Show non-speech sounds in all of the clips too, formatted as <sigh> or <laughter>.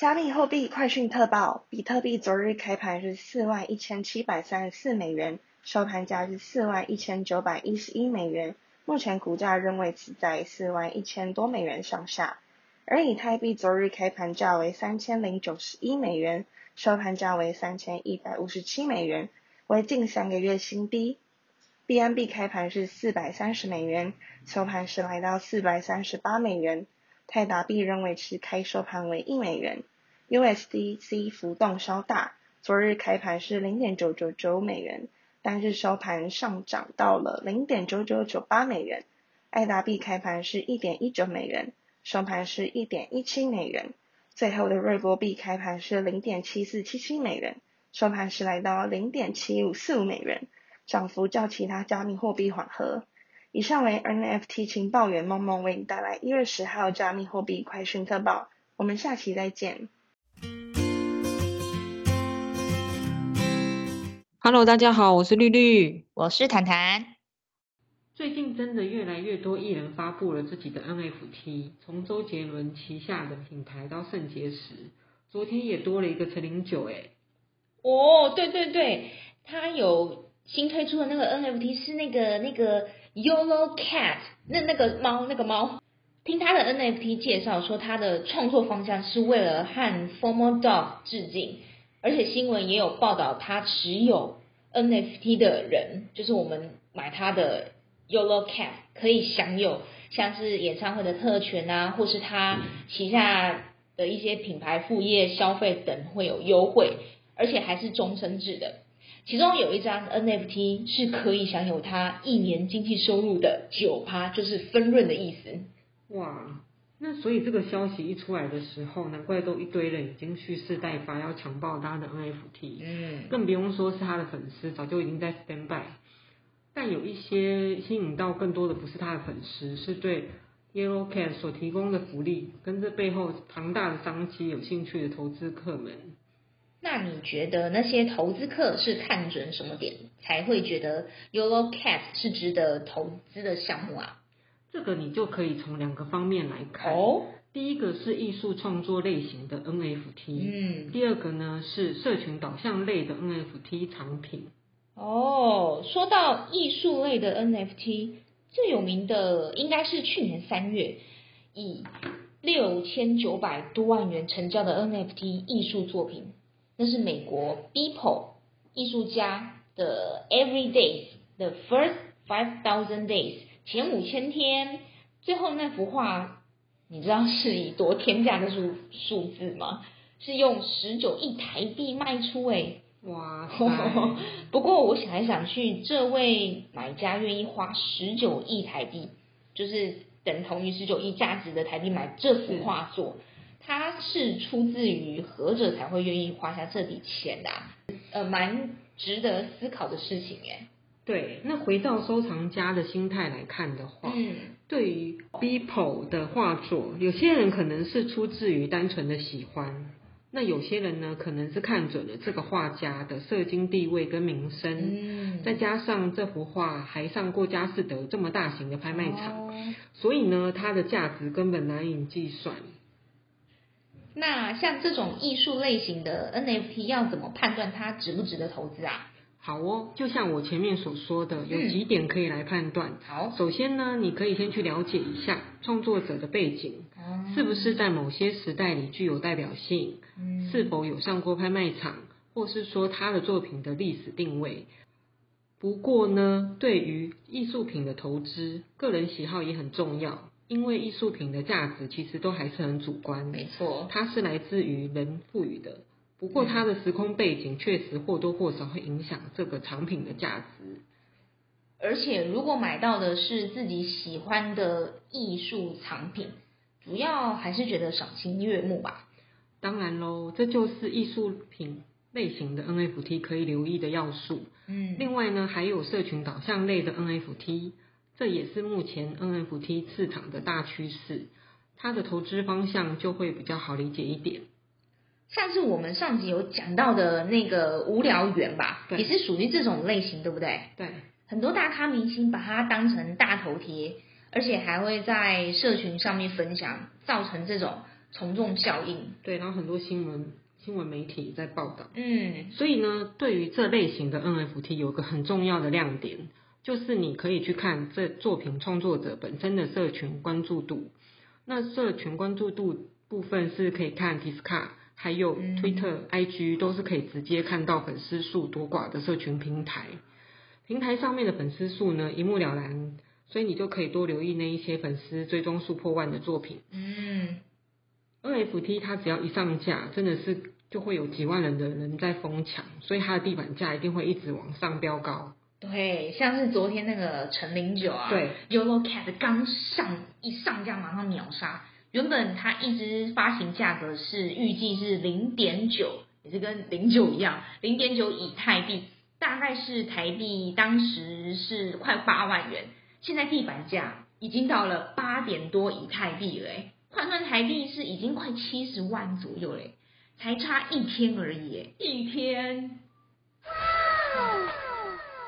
加密貨幣快訊特報：比特幣昨日開盤是四萬一千七百三十四美元，收盤價是四萬一千九百一十一美元，目前股價仍維持在四萬一千多美元上下。而以太幣昨日開盤價為三千零九十一美元，收盤價為三千一百五十七美元，為近三個月新低。幣安幣開盤是四百三十美元，收盤時來到四百三十八美元。泰達幣仍維持開收盤為一美元。USDC 浮動稍大，昨日開盤是0.999美元，單日收盤上漲到了0.9998美元。愛達幣開盤是1.19美元，收盤是1.17美元。最後的瑞波幣開盤是0.7477美元，收盤時來到0.7545美元，漲幅較其他加密貨幣緩和。以上為 NFT 情報員夢夢為你帶來一月十號加密貨幣快訊特報，我們下期再見。Hello，大家好，我是綠綠，我是坦坦。最近真的越來越多藝人發布了自己的 NFT，從周杰倫旗下的品牌到聖結石，昨天也多了一個陳零九誒哦，oh，對對對，他有新推出的那個 NFT 是那個那個 Yolo Cat，那那個貓那個貓，聽他的 NFT 介紹說，他的創作方向是為了和 FOMO Dog 致敬。而且新聞也有報道，他持有 NFT 的人，就是我們買他的 Yolo Cap，可以享有像是演唱會的特權啊，或是他旗下的一些品牌副業消費等會有優惠，而且還是終身制的。其中有一張 NFT 是可以享有他一年經濟收入的九趴，就是分潤的意思。哇！那所以這個消息一出來的時候，難怪都一堆人已經蓄勢待發，要搶爆他的 NFT，嗯，更不用說是他的粉絲早就已經在 stand by。但有一些吸引到更多的不是他的粉絲，是對 Yellow Cat 所提供的福利跟這背後龐大的商機有興趣的投資客們。那你覺得那些投資客是看準什麼點才會覺得 Yellow Cat 是值得投資的項目啊？這個你就可以從兩個方面來看，哦、第一個是藝術創作類型的 NFT，、嗯、第二個呢是社群導向類的 NFT 產品。哦，說到藝術類的 NFT，最有名的應該是去年三月以六千九百多萬元成交的 NFT 藝術作品，那是美國 Beeple 藝術家的 Everydays, The First Five Thousand Days。前五千天，最後那幅畫，你知道是以多天價的數數字嗎？是用十九億台幣賣出哎、欸！哇， <laughs> 不過我想來想去，這位買家願意花十九億台幣，就是等同於十九億價值的台幣買這幅畫作，它是出自於何者才會願意花下這筆錢的、啊？呃，蠻值得思考的事情、欸對，那回到收藏家的心態來看的話，嗯，對於 Beeple 的畫作，有些人可能是出自於單純的喜歡，那有些人呢，可能是看準了這個畫家的社經地位跟名聲，嗯，再加上這幅畫還上過佳士得這麼大型的拍賣場，哦，所以呢，它的價值根本難以計算。那像這種藝術類型的 NFT，要怎麼判斷它值不值得投資啊？好哦，就像我前面所說的，有幾點可以來判斷。好，首先呢，你可以先去了解一下創作者的背景，嗯、是不是在某些時代裡具有代表性，嗯、是否有上過拍賣場，或是說他的作品的歷史定位。不過呢，對於藝術品的投資，個人喜好也很重要，因為藝術品的價值其實都還是很主觀。沒錯，它是來自於人賦予的。不過它的時空背景確實或多或少會影響這個產品的價值，而且如果買到的是自己喜歡的藝術藏品，主要還是覺得賞心悅目吧。當然嘍，這就是藝術品類型的 NFT 可以留意的要素。嗯。另外呢，還有社群導向類的 NFT，這也是目前 NFT 市場的大趨勢，它的投資方向就會比較好理解一點。像是我們上集有講到的那個無聊猿吧，也是屬於這種類型，對不對？對，很多大咖明星把它當成大頭貼，而且還會在社群上面分享，造成這種從眾效應。對，然後很多新聞新聞媒體在報道。嗯，所以呢，對於這類型的 NFT，有個很重要的亮點，就是你可以去看這作品創作者本身的社群關注度。那社群關注度部分是可以看 Discord 還有推特、嗯、IG 都是可以直接看到粉絲數多寡的社群平台，平台上面的粉絲數呢，一目了然，所以你就可以多留意那一些粉絲追蹤數破萬的作品。嗯，NFT 它只要一上架，真的是就會有幾萬人的人在瘋搶，所以它的地板價一定會一直往上飆高。對，像是昨天那個陳零九啊，對，YOLO CAT 剛上一上架馬上秒殺。原本它一支發行價格是預計是零點九，也是跟零九一樣，零點九以太幣，大概是台幣當時是快八萬元，現在地板價已經到了八點多以太幣了，換算台幣是已經快七十萬左右嘞，才差一天而已，一天，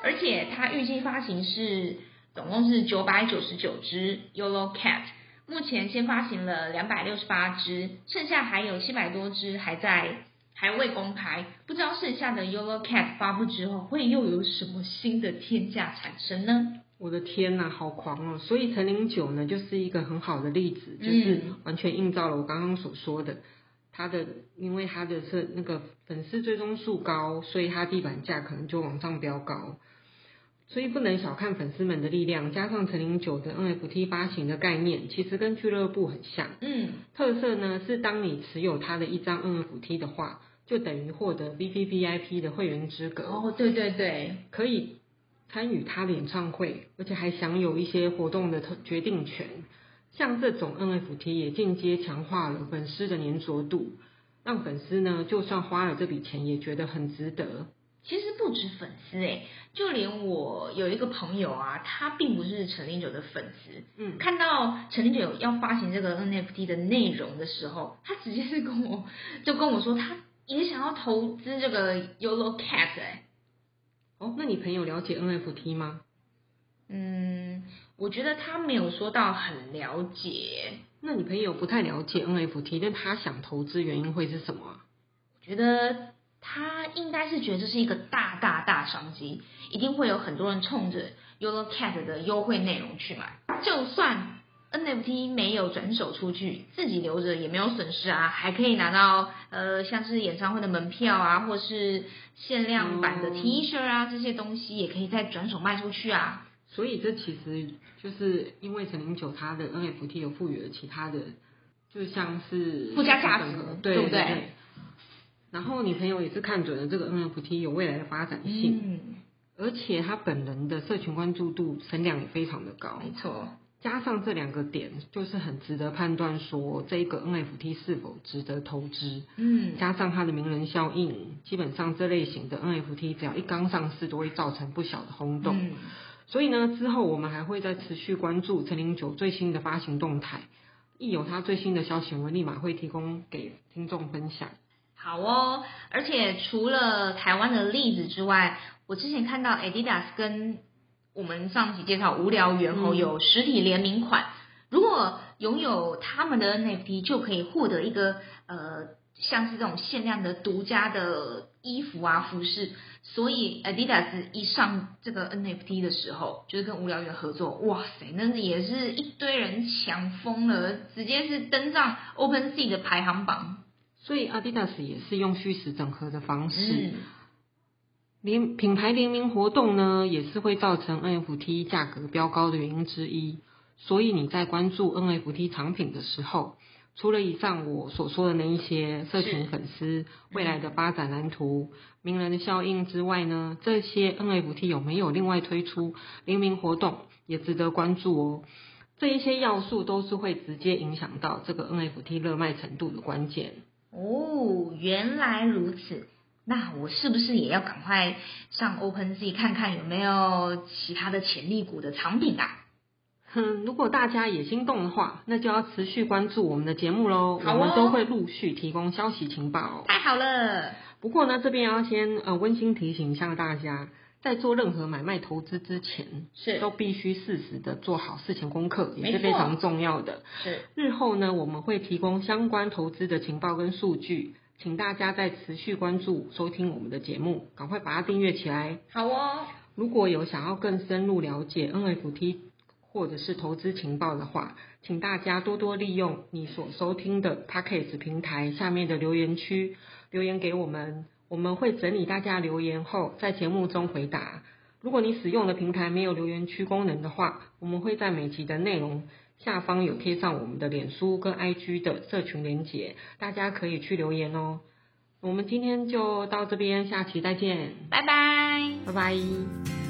而且它預計發行是總共是九百九十九隻 Yolo Cat。目前先發行了兩百六十八隻，剩下還有七百多隻還在還未公開，不知道剩下的 YOLO CAT 發佈之後會又有什麼新的天價產生呢？我的天吶、啊，好狂哦、喔！所以陳零九呢，就是一個很好的例子，就是完全映照了我剛剛所說的，它的因為他的是那個粉絲追蹤數高，所以他地板價可能就往上飆高。所以不能小看粉絲們的力量，加上陳零九的 NFT 發行的概念，其實跟俱樂部很像。嗯，特色呢是當你持有他的一張 NFT 的話，就等於獲得 v p VIP 的會員資格。哦，對對對，可以參與他的演唱會，而且還享有一些活動的決定權。像這種 NFT 也間接強化了粉絲的粘着度，讓粉絲呢，就算花了這筆錢，也覺得很值得。其實不止粉絲哎、欸，就連我有一個朋友啊，他並不是陳零九的粉絲，嗯，看到陳零九要發行這個 NFT 的內容的時候，他直接是跟我就跟我說，他也想要投資這個 YOLO Cat 哎、欸。哦，那你朋友了解 NFT 嗎？嗯，我覺得他沒有說到很了解。那你朋友不太了解 NFT，那他想投資原因會是什麼？我覺得。他應該是覺得這是一個大大大商機，一定會有很多人衝着 YOLO Cat 的優惠內容去買。就算 NFT 沒有轉手出去，自己留着也沒有損失啊，還可以拿到呃，像是演唱會的門票啊，或是限量版的 T 恤啊，這些東西也可以再轉手賣出去啊。所以這其實就是因為陳零九他的 NFT 有賦予了其他的，就像是附加價值，對不對，對？然後你朋友也是看準了這個 NFT 有未來的發展性，嗯、而且他本人的社群關注度聲量也非常的高，沒錯、哦。加上這兩個點，就是很值得判斷說，這一個 NFT 是否值得投資。嗯，加上他的名人效應，基本上這類型的 NFT 只要一剛上市，都會造成不小的轟動、嗯。所以呢，之後我們還會再持續關注陳零九最新的發行動態，一有他最新的消息，我立馬會提供給聽眾分享。好哦，而且除了台灣的例子之外，我之前看到 Adidas 跟我們上期介紹無聊猿猴有實體聯名款，嗯、如果擁有他們的 NFT 就可以獲得一個呃，像是這種限量的獨家的衣服啊服飾，所以 Adidas 一上這個 NFT 的時候，就是跟無聊猿合作，哇塞，那也是一堆人搶瘋了，直接是登上 OpenSea 的排行榜。所以，Adidas 也是用虛實整合的方式，聯品牌聯名活動呢，也是會造成 NFT 價格飆高的原因之一。所以，你在關注 NFT 藏品的時候，除了以上我所說的那一些社群粉絲未來的發展藍圖、名人的效應之外呢，這些 NFT 有沒有另外推出聯名活動，也值得關注哦。這一些要素都是會直接影響到這個 NFT 熱賣程度的關鍵。哦，原來如此，那我是不是也要趕快上 OpenSea 看看有沒有其他的潛力股的藏品啊？哼，如果大家也心動的話，那就要持續關注我們的節目嘍。我們都會陸續提供消息情報。哦，太好了。不過呢，這邊要先呃溫馨提醒一下大家。在做任何買賣投資之前，是都必須適時的做好事前功課，也是非常重要的。是日後呢，我們會提供相關投資的情報跟數據，請大家再持續關注、收聽我們的節目，趕快把它訂閱起來。好哦。如果有想要更深入了解 NFT 或者是投資情報的話，請大家多多利用你所收聽的 Podcast 平台下面的留言區留言給我們。我們會整理大家留言後，在節目中回答。如果你使用的平台沒有留言區功能的話，我們會在每集的內容下方有貼上我們的臉書跟 IG 的社群連結，大家可以去留言哦。我們今天就到這邊，下期再見，拜拜，拜拜。